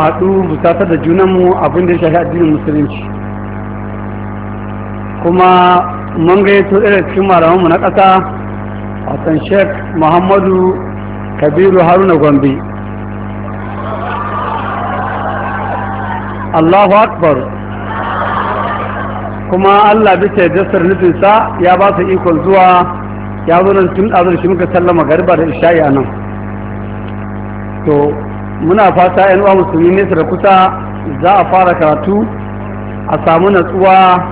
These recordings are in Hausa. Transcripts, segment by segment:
haɗu mu da junanmu abin da ya shafi addinin musulunci kuma mun yato ɗaya cikin mu na ƙasa hassan sheik muhammadu kabiru haruna gombe allahu akbar kuma allah bisa jasar nufinsa ya ba su ikon zuwa ya zo nan tun ɗazar shi muka sallama garba da isha'i a nan muna fata yan uwa musulmi nesa da kusa za a fara karatu a samu natsuwa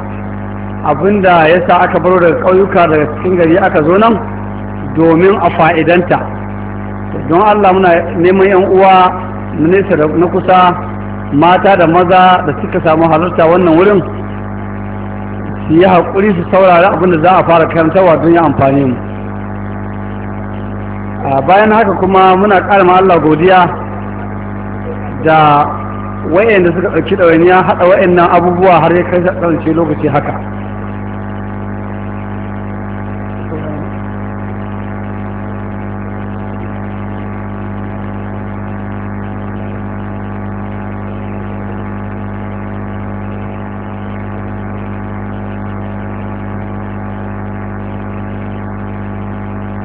abinda ya sa aka baro daga ƙauyuka daga cikin gari aka zo nan domin a fa'idanta don allah muna neman yan uwa nesa na kusa mata da maza da suka samu halarta wannan wurin su yi haƙuri su saurari abinda za a fara karantarwa don ya amfani mu bayan haka kuma muna ƙara ma allah godiya da wayanda suka ɗauki ya haɗa wayannan abubuwa har ya kai tsarance lokaci haka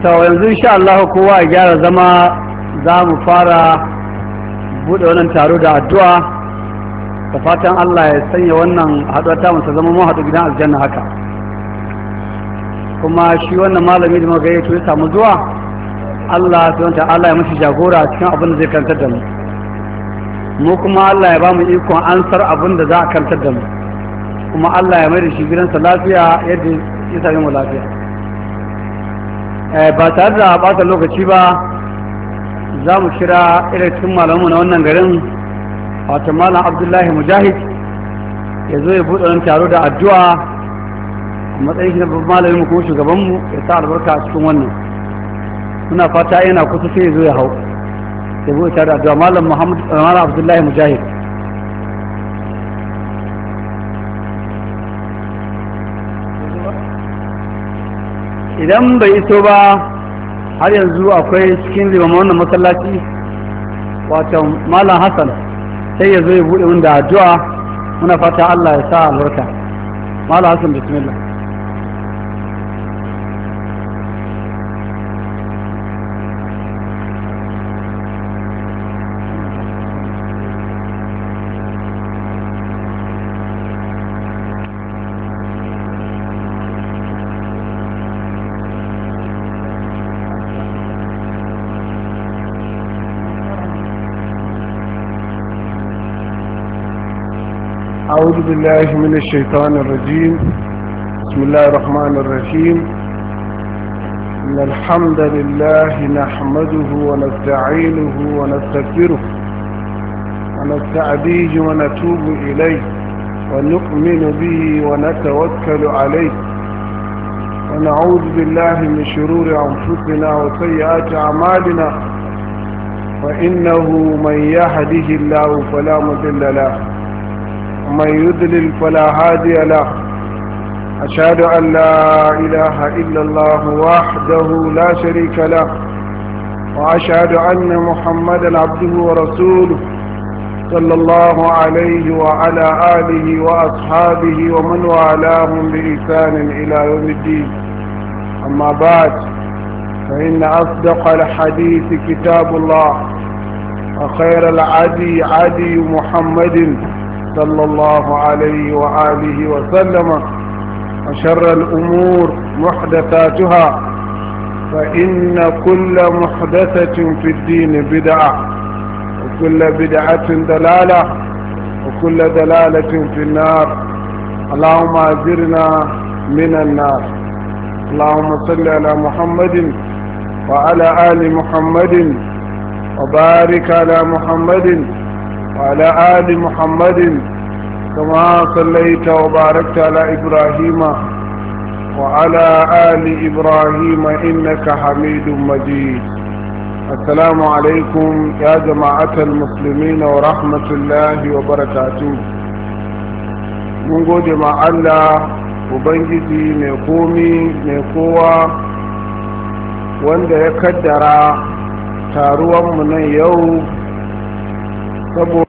to yanzu insha Allah kowa ya gyara zama za mu fara bude wannan taro da addu'a da fatan Allah ya sanya wannan haɗuwa ta musa zama mun haɗu gidan aljanna haka kuma shi wannan malami da to ya samu zuwa Allah subhanahu ta'ala ya mashi jagora cikin abin da zai karantar da mu mu kuma Allah ya ba mu ikon ansar abin da za a karantar da mu kuma Allah ya mai da shi gidansa lafiya yadda ya sami mu lafiya eh, ba tare da ɓata lokaci ba za mu kira irin cikin malamu na wannan garin wato malam abdullahi mujahid ya zo ya buɗe wani taro da addu'a a matsayin shi na babban malamin kuma shugabanmu ya sa albarka a cikin wannan muna fata yana kusa sai ya zo ya hau ya buɗe taro da addu'a malam muhammad eh, malam abdullahi mujahid idan bai iso ba har yanzu akwai cikin limaman wannan masallaci wato malam hassan sai ya zo ya buɗe wanda addu'a muna fata Allah ya sa albarka malam hassan bismillah أعوذ بالله من الشيطان الرجيم بسم الله الرحمن الرحيم إن الحمد لله نحمده ونستعينه ونستغفره ونستعديه ونتوب إليه ونؤمن به ونتوكل عليه ونعوذ بالله من شرور أنفسنا وسيئات أعمالنا فإنه من يهده الله فلا مضل له ومن يدلل فلا هادي له أشهد أن لا إله إلا الله وحده لا شريك له وأشهد أن محمدا عبده ورسوله صلى الله عليه وعلى آله وأصحابه ومن والاهم بإحسان إلى يوم الدين أما بعد فإن أصدق الحديث كتاب الله وخير العدي عدي محمد صلى الله عليه وآله وسلم وشر الأمور محدثاتها فإن كل محدثة في الدين بدعة وكل بدعة دلالة وكل دلالة في النار اللهم أزرنا من النار اللهم صل على محمد وعلى آل محمد وبارك على محمد وعلى آل محمد كما صليت وباركت على إبراهيم وعلى آل إبراهيم إنك حميد مجيد السلام عليكم يا جماعة المسلمين ورحمة الله وبركاته من قد مع الله وبنجدي ميقومي ميقوى wanda ya kaddara taruwanmu nan yau saboda